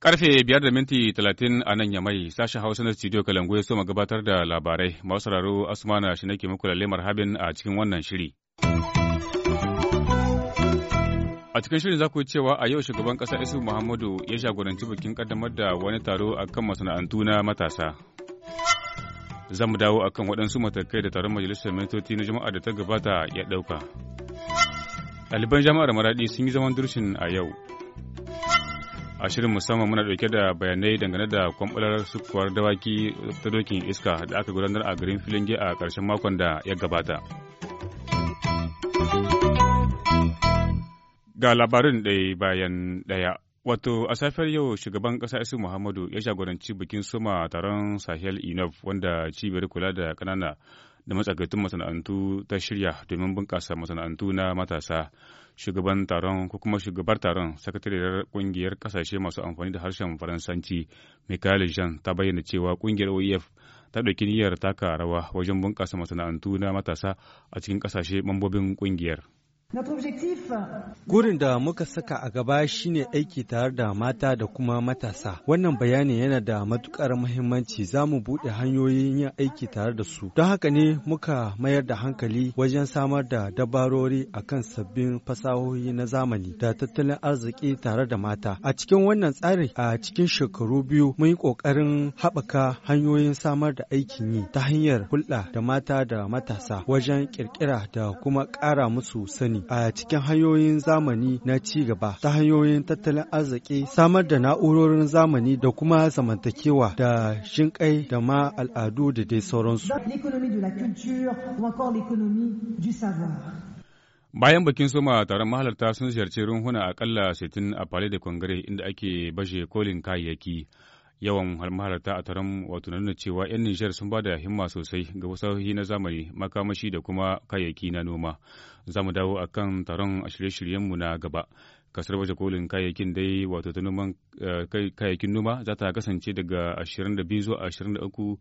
Karfe biyar da minti talatin a nan yamai sashen Hausa na studio Kalangu ya ma gabatar da labarai. Masu Asmana shi nake muku lalle marhabin a cikin wannan shiri. A cikin shirin za ku cewa a yau shugaban ƙasa Isu Muhammadu ya shagoranci bikin ƙaddamar da wani taro a kan masana'antu na matasa. za mu dawo akan waɗansu matakai da taron majalisar mintoci na jama'a da ta gabata ya ɗauka. Ɗaliban jama'ar Maraɗi sun yi zaman durshin a yau. A shirin musamman muna ɗauke da bayanai dangane da kwamɓalar sukuwar dawaki ta dokin iska da aka gudanar a garin Filinge a ƙarshen makon da ya gabata. Ga labarin ɗaya bayan ɗaya. Wato a safiyar yau shugaban ƙasa Isu Muhammadu ya jagoranci bikin soma taron Sahel Inov wanda cibiyar kula da ƙanana da matsakaitun masana'antu ta shirya domin bunƙasa masana'antu na matasa. Shugaban taron ko kuma shugabar taron sakatariyar ƙungiyar ƙasashe masu amfani da harshen Faransanci Michael Jean ta bayyana cewa ƙungiyar OEF ta ɗauki niyyar taka rawa wajen bunƙasa masana'antu na matasa a cikin ƙasashe mambobin ƙungiyar. Gurin da muka saka a gaba shine aiki tare da mata da kuma matasa. Wannan bayani yana da matukar muhimmanci za mu buɗe hanyoyin yin aiki tare da su. Don haka ne muka mayar da hankali wajen samar da dabarori akan sabbin fasahohi na zamani da tattalin arziki tare da mata. A cikin wannan tsari a cikin shekaru biyu mun yi ƙoƙarin haɓaka hanyoyin samar da aikin yi ta hanyar hulɗa da mata da matasa wajen ƙirƙira da kuma ƙara musu sani. a cikin hanyoyin zamani na ci gaba ta hanyoyin tattalin arziki samar da na'urorin zamani da kuma zamantakewa da shinkai da ma al'adu da dai sauransu. Bayan bakin soma taron mahalarta sun ziyarci runhuna akalla 60 a Palais de Congrès inda ake baje kolin kayayyaki. yawan mahalarta a taron wato nuna cewa 'yan Nijar sun ba da himma sosai ga fasahohi na zamani makamashi da kuma kayayyaki na noma. Za mu dawo akan taron a shirye-shiryenmu na gaba. Kasar waje kolin kayayyakin dai wato ta noman eh, kayayyakin noma za ta kasance daga 22 zuwa 23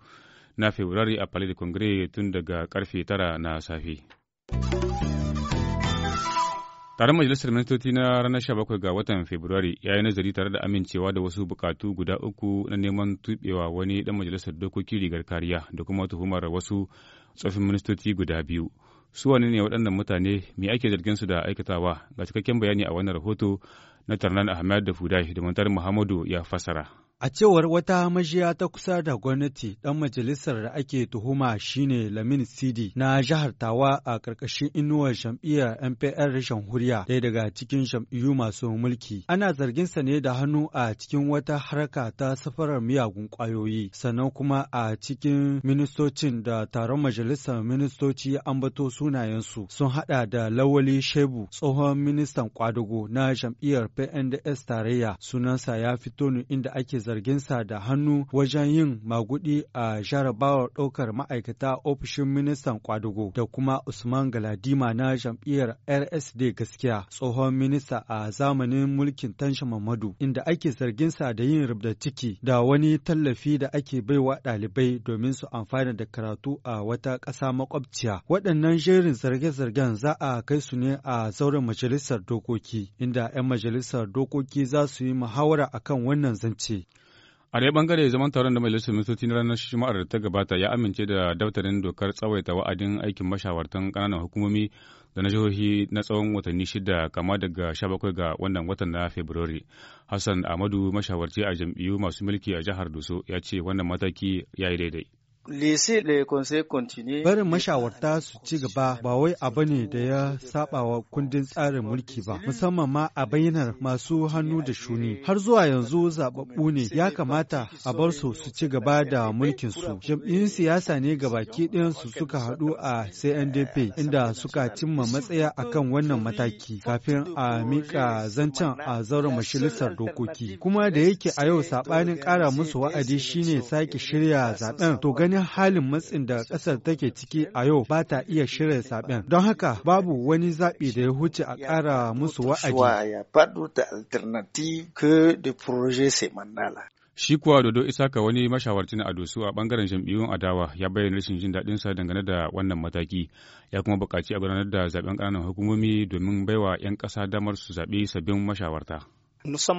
na Fabrairu a Palais de Congrès tun daga karfe 9 na safe. Taron Majalisar Ministoci na ranar 17 ga watan Fabrairu ya yi nazari tare da amincewa da wasu bukatu guda uku na neman tuɓewa wani dan majalisar dokoki rigar kariya da kuma tuhumar wasu tsofin ministoci guda biyu. Su wane ne waɗannan mutane me ake zargin su da aikatawa ga cikakken bayani a wannan rahoto na Tarnan Ahmed da Fudai da Muhammadu ya fasara. A cewar wata majiya ta kusa da gwamnati ɗan majalisar da ake tuhuma shine Lamin Sidi na jihar Tawa a ƙarƙashin inuwar jam'iyyar NPR rashin Hurya, ɗaya daga cikin jam'iyyu masu mulki. Ana zarginsa ne da hannu a cikin wata haraka ta safarar miyagun ƙwayoyi sannan kuma a cikin ministocin da taron majalisar ministoci ambato sunayensu sun haɗa da Lawali Shebu tsohon ministan ƙwadago na jam'iyyar PNDS tarayya sunansa ya fito ne inda ake zarginsa da hannu wajen yin magudi a jarabawar ɗaukar ma'aikata ofishin ministan kwadugo da kuma Usman Galadima na jam'iyyar RSD gaskiya tsohon minista a zamanin mulkin Tansha Mamadu inda ake zarginsa da yin rubda ciki da wani tallafi da ake baiwa ɗalibai domin su amfana da karatu a wata ƙasa makwabciya. Waɗannan jerin zarge-zargen za a kai su ne a zauren majalisar dokoki inda 'yan majalisar dokoki za su yi muhawara akan wannan zance. A dai bangare zaman taron da majalisar ministoci na ranar Juma'ar da ta gabata ya amince da daftarin dokar tsawaita wa'adin aikin mashawartan kananan hukumomi da na jihohi na tsawon watanni shida kama daga 17 ga wannan watan na Fabrairu. Hassan amadu mashawarci a jam'iyyu masu mulki a jihar Doso ya ce wannan mataki ya yi daidai. Barin mashawarta su ci gaba ba wai abu ne da ya saba kundin tsarin mulki ba, musamman ma a bayyanar masu hannu da shuni. Har zuwa yanzu zaɓaɓɓu ne ya kamata a bar su su ci gaba da mulkin su. Jam'iyyun siyasa ne gabaki ɗayan su suka haɗu a CNDP inda suka cimma matsaya akan wannan mataki kafin a mika zancen a zauren majalisar dokoki. Kuma da yake a yau saɓanin ƙara musu wa'adi shine sake shirya zaɓen to gani ganin halin matsin da ƙasar take ciki a yau ba ta iya shirya zaɓen. Don haka babu wani zaɓi da ya huce a ƙara musu wa'adi. Shi kuwa Dodo Isaka wani mashawarcin a Dosu a bangaren jam'iyyun adawa ya bayyana rashin jin sa dangane da wannan mataki ya kuma buƙaci a gudanar da zaɓen ƙananan hukumomi domin baiwa 'yan ƙasa damar su zaɓi sabbin mashawarta. Mun zo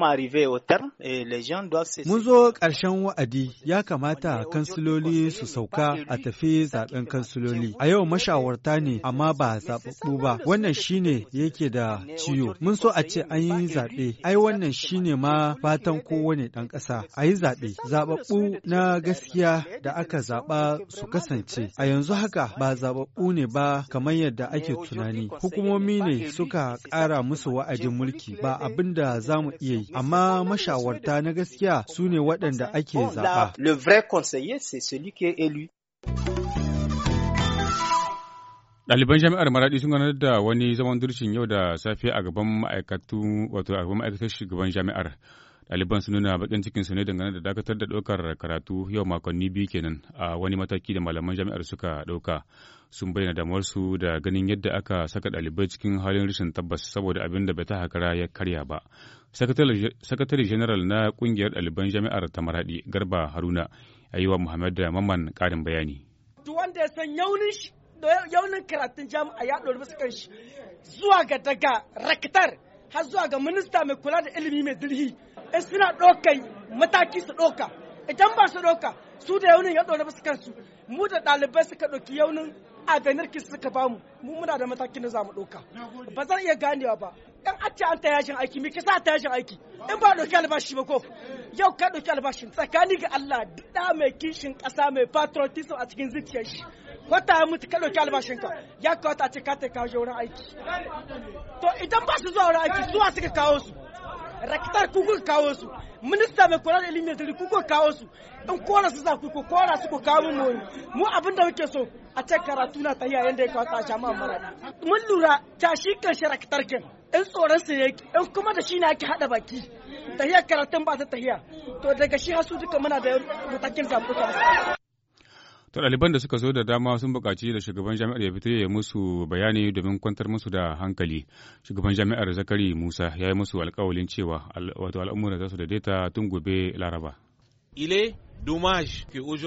ƙarshen wa'adi ya kamata kansiloli su sauka a tafi zaɓen kansiloli. A yau mashawarta ne amma ba zaɓaɓɓu ba. Wannan shi ne yake da ciwo. Mun so a ce an yi zaɓe. Ai wannan shi ne ma fatan kowane ɗan ƙasa. A yi zaɓe. Zaɓaɓɓu na gaskiya da aka zaɓa su kasance. A yanzu haka ba zaɓaɓɓu ne ba kamar yadda ake tunani. Hukumomi ne suka ƙara musu wa'adin mulki ba abin da za mu iya yi, amma mashawarta na gaskiya su ne waɗanda ake zaɓa. Ɗaliban jami'ar Maraɗi sun ganar da wani zaman durcin yau da safe a gaban ma'aikatu ma'aikatar shugaban jami'ar. Ɗaliban su nuna baƙin cikin su ne dangane da dakatar da ɗaukar karatu yau makonni biyu kenan a wani mataki da malaman jami'ar suka ɗauka. sun bayyana su da ganin yadda aka saka ɗalibai cikin halin rashin tabbas saboda abin da bata hakara ya karya ba. Sakatare General na ƙungiyar ɗaliban jami'ar ta Maraɗi Garba Haruna ya yi wa Muhammad da Maman ƙarin bayani. Duk wanda ya san yaunin shi yaunin karatun jami'a ya ɗori musu kanshi zuwa ga daga raktar har zuwa ga minista mai kula da ilimi mai zirhi in suna ɗaukar mataki su ɗauka idan ba su ɗauka su da yaunin ya ɗaure musu kansu mu da ɗalibai suka ɗauki yaunin a ganar ki suka bamu mu muna da matakin da zamu ɗauka ba zan iya ganewa ba ɗan ce an ta yashin aiki me kisa ta yashin aiki in ba ɗauki albashi ba ko yau ka ɗauki albashin tsakani ga Allah da mai kishin ƙasa mai patriotism a cikin zuciyar shi wata ya mutu ka ɗauki albashinka ya kawata a ce ka ta kawo wurin aiki to idan ba su zuwa wurin aiki zuwa suka kawo su rakitar kuku kawo su minista mai kula da ilimin yanzu kuku kawo su in kora su za ku ko kora su ku kawo mu mu abin da muke so a ce karatu na tahiya yanda ya kwasa a ma mara mun lura ta shi kan rakitar kin in tsoron su yake in kuma da shi na ake hada baki tahiyar karatun ba ta tahiya to daga shi hasu duka muna da matakin zaɓuka To ɗaliban da suka zo da dama sun buƙaci da shugaban jami'ar ya fito ya musu bayani domin kwantar musu da hankali. Shugaban jami'ar Zakari Musa ya yi musu alƙawalin cewa wato al'ummar za su daidaita tun gobe Laraba. Ile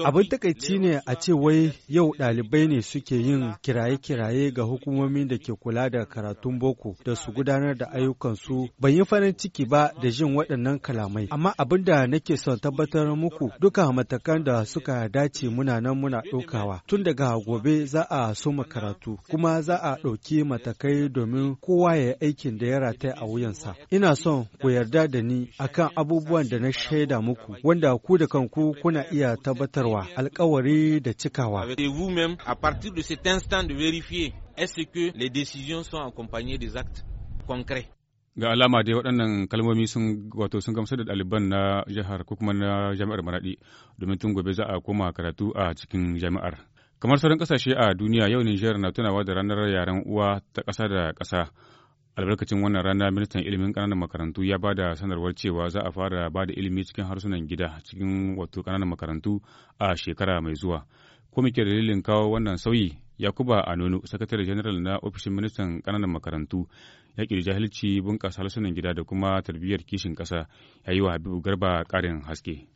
Abin takaici ne a ce wai yau ɗalibai ne suke yin kiraye-kiraye ga hukumomin da ke kula da karatun boko da su gudanar da ayyukansu ban yi farin ciki ba da jin waɗannan kalamai. Amma abin da nake son tabbatar muku duka matakan da suka dace muna nan muna ɗaukawa. Tun daga gobe za a soma karatu kuma za a ɗauki matakai domin kowa ya yi aikin da ya rataya a wuyansa. Ina son ku yarda da ni akan abubuwan da na shaida muku wanda ku da kanku kuna iya tabbatarwa alkawari da cikawa. Est-ce que les décisions sont accompagnées des actes concrets ga alama dai waɗannan kalmomi sun wato sun gamsar da ɗaliban na jihar ko kuma na jami'ar maraɗi domin tun gobe za a koma karatu a cikin jami'ar kamar sauran ƙasashe a duniya yau nijar na tunawa da ranar yaren uwa ta ƙasa da ƙasa albarkacin wannan rana ministan ilimin ƙananan makarantu ya ba da sanarwar cewa za a fara ba da ilimi cikin harsunan gida cikin wato ƙananan makarantu a shekara mai zuwa ko muke dalilin kawo wannan sauyi yakuba nono sakatare general na ofishin ministan ƙananan makarantu ya ƙi jahilci bunƙasa harsunan gida da kuma tarbiyyar kishin ƙasa ya yi wa habibu garba ƙarin haske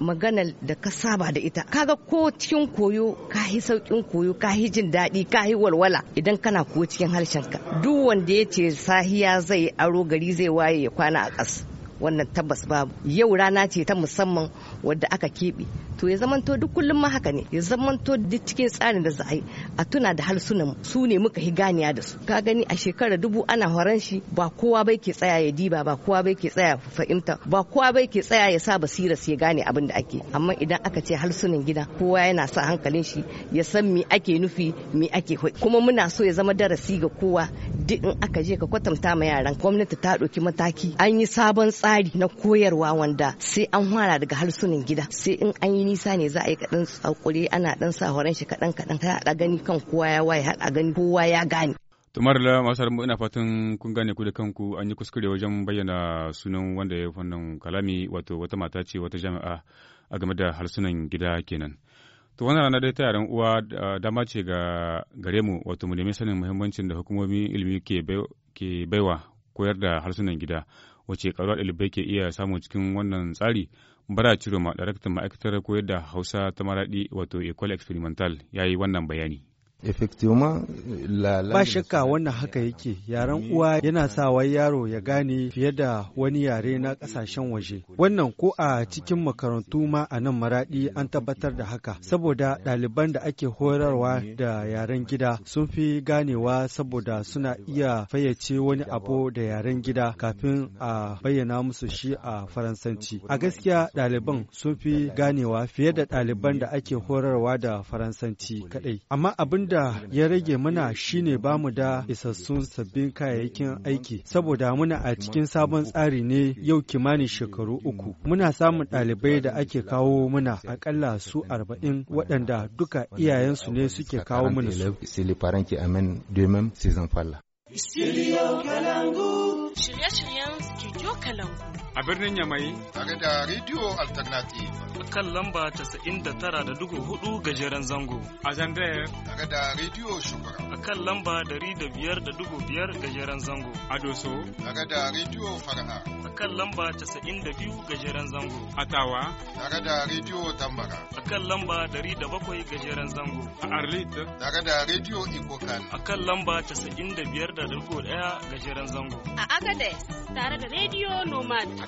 maganar da ka saba da ita kaga ko cikin koyo ka yi saukin koyo ka yi jin daɗi ka yi walwala idan kana ko cikin harshenka duk wanda ya ce sahiya zai aro gari zai waye ya kwana a ƙasa wannan tabbas babu yau rana ce ta musamman wadda aka keɓe to ya zamanto duk kullum ma haka ne ya zamanto duk cikin tsarin da za a yi a tuna da harsunan su ne muka yi ganiya da su ka gani a shekara dubu ana horon shi ba kowa bai ke tsaya ya diba ba kowa bai ke tsaya fahimta ba kowa bai ke tsaya ya sa basira ya gane abin da ake amma idan aka ce harsunan gida kowa yana sa hankalin shi ya san me ake nufi me ake hoi kuma muna so ya zama darasi ga kowa duk in aka je ka kwatanta ma yaran gwamnati ta ɗauki mataki an yi sabon tsari na koyarwa wanda sai an fara daga harsunan tunin gida sai in an yi nisa ne za a yi kaɗan tsakuri ana ɗan sa horon shi kaɗan kaɗan a gani kan kowa ya waye har gani kowa ya gane. tumar da masu haramu ina fatan kun gane ku da kanku an yi kuskure wajen bayyana sunan wanda ya wannan kalami wato wata mata ce wata jami'a a game da harsunan gida kenan. To wannan rana dai ta yaren uwa dama ce ga gare mu wato mu nemi sanin muhimmancin da hukumomin ilimi ke baiwa koyar da harsunan gida wace karuwar ɗalibai ke iya samun cikin wannan tsari Bara Ciroma, daraktan ma'aikatar koyar da Hausa ta Maraɗi wato Ecole Experimental ya yi wannan bayani. Ba shakka wannan haka yake yaren uwa yana sa wai yaro ya gane fiye da wani yare na kasashen waje. Wannan ko a cikin makarantu ma a nan maraɗi an tabbatar da haka saboda ɗaliban da ake horarwa da yaren gida sun fi ganewa saboda suna iya fayyace wani abu da yaren gida kafin a bayyana musu shi a faransanci. A gaskiya ɗaliban sun fi ganewa fiye da ɗaliban da ake horarwa da faransanci kaɗai. Amma abin da ya rage muna shine ba mu da isassun sabbin kayayyakin aiki saboda muna a cikin sabon tsari ne yau kimanin shekaru uku muna samun ɗalibai da ake kawo muna akalla su arba'in waɗanda duka iyayensu ne suke kawo muna su. Shirye-shiryen a birnin Yamai. Tare da Radio Alternative. A kan lamba tara da dugu hudu gajeren zango. A Zandaya. Tare da Radio Shugura. A kan lamba dari da biyar da biyar gajeren zango. A Doso. Tare da Radio Fara'a. A kan lamba da biyu gajeren zango. A Tawa. Tare da Radio Tambara. A kan lamba dari da bakwai gajeren zango. A Arlit. Tare da Radio Ikokan. A kan lamba da biyar da 95.1 gajeren zango. A Agades. Tare da Radio Nomad.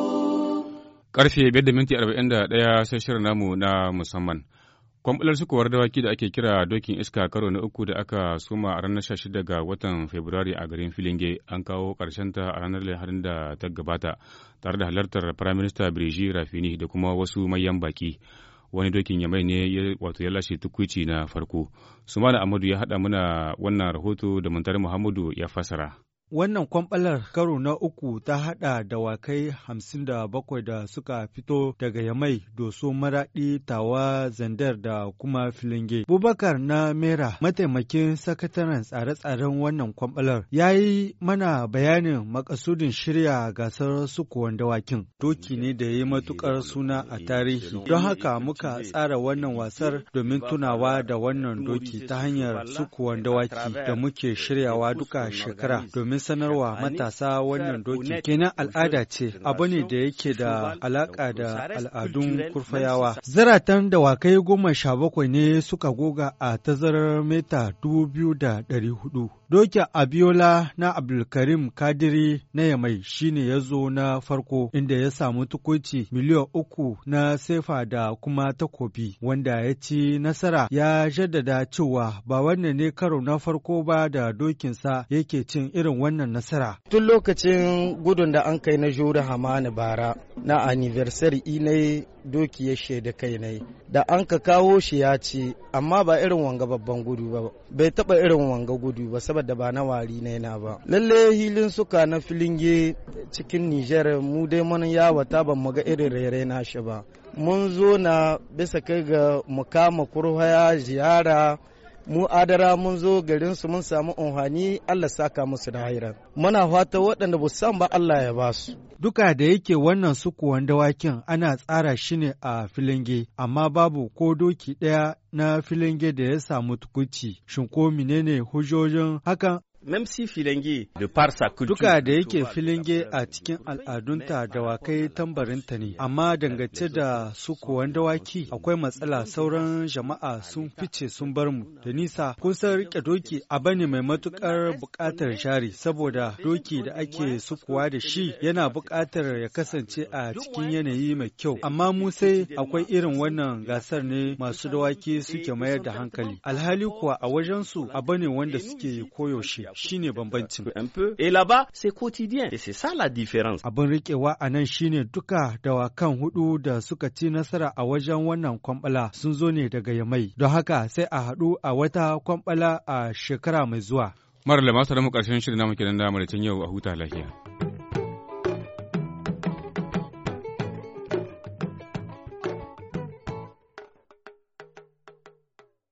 Karfe biyar da minti arba'in da ɗaya sai shirin namu na musamman. Kwamɓalar sukuwar dawaki da ake kira dokin iska karo na uku da aka suma a ranar 16 ga watan Fabrairu a garin Filinge an kawo ta a ranar Lahadin da ta gabata tare da halartar Prime Minister Birji Rafini da kuma wasu mayan baki. Wani dokin yamai ne wato ya lashe tukwici na farko. Sumana Amadu ya haɗa muna wannan rahoto da Muntari Muhammadu ya fasara. Wannan kwamɓalar karo na uku ta haɗa dawakai hamsin da bakwai da suka fito daga Yamai, Doso, Maraɗi, Tawa, Zandar da kuma Filinge. Bubakar na Mera, mataimakin sakataren tsare-tsaren wannan kwamɓalar, ya yi mana bayanin makasudin shirya gasar sukuwan dawakin. Doki ne da ya yi matuƙar suna a tarihi. Don haka muka tsara wannan wasar domin tunawa da wannan doki ta hanyar sukuwan dawaki da muke shiryawa duka shekara domin sanarwa matasa wannan doki kenan al'ada ce abu ne da yake da alaƙa da al'adun kurfayawa. Zaratan dawakai goma sha bakwai ne suka goga a tazarar mita dubu biyu da ɗari hudu. Dokin Abiola na Abdulkarim Kadiri na Yamai shine ya zo na farko inda ya samu tukunci miliyan uku na sefa da kuma takobi wanda ya ci nasara ya jaddada cewa ba wannan ne karo na farko ba da dokinsa yake cin irin wannan nasara. Tun lokacin gudun da an kai na Juri Hamani bara na anniversary inai doki ya shaida kai nai da an ka kawo shi ya ci amma ba irin wanga babban gudu ba bai taba irin wanga gudu ba nasarar da ba na wari na yana ba lalle hilin suka na filinge cikin nijar mu dai mun yawata ban mu irin rere na shi ba mun zo na bisa kai ga mukama kurhaya ziyara mu adara mun zo garin su mun samu unhani Allah saka musu da hairan muna fata waɗanda ba san ba Allah ya ba su duka da yake wannan sukuwan dawakin ana tsara shi ne a filinge amma babu ko doki ɗaya na filinge da ya samu tukuci shin ko menene hujjojin hakan Duka da yake filinge a cikin al'adunta da dawakai tambarinta ne, amma dangance da sukuwan dawaki akwai matsala sauran jama'a sun fice sun bar mu da nisa kusan rike doki a bane mai matukar buƙatar shari saboda doki da ake sukuwa da shi yana buƙatar ya kasance a cikin yanayi mai kyau. Amma mu sai akwai irin wannan gasar ne masu dawaki suke mayar da hankali. Alhali kuwa a wajensu abu ne wanda suke koyaushe. shine bambancin et là-bas c'est quotidien et c'est ça la différence abin riƙewa a nan shine duka dawakan hudu da suka ci nasara a wajen wannan kwambala sun zo ne daga yamai don haka sai a haɗu a wata kwambala a shekara mai zuwa Mara lamasa da mu ƙarshen shirin namu kenan da maraicin yau a huta lafiya.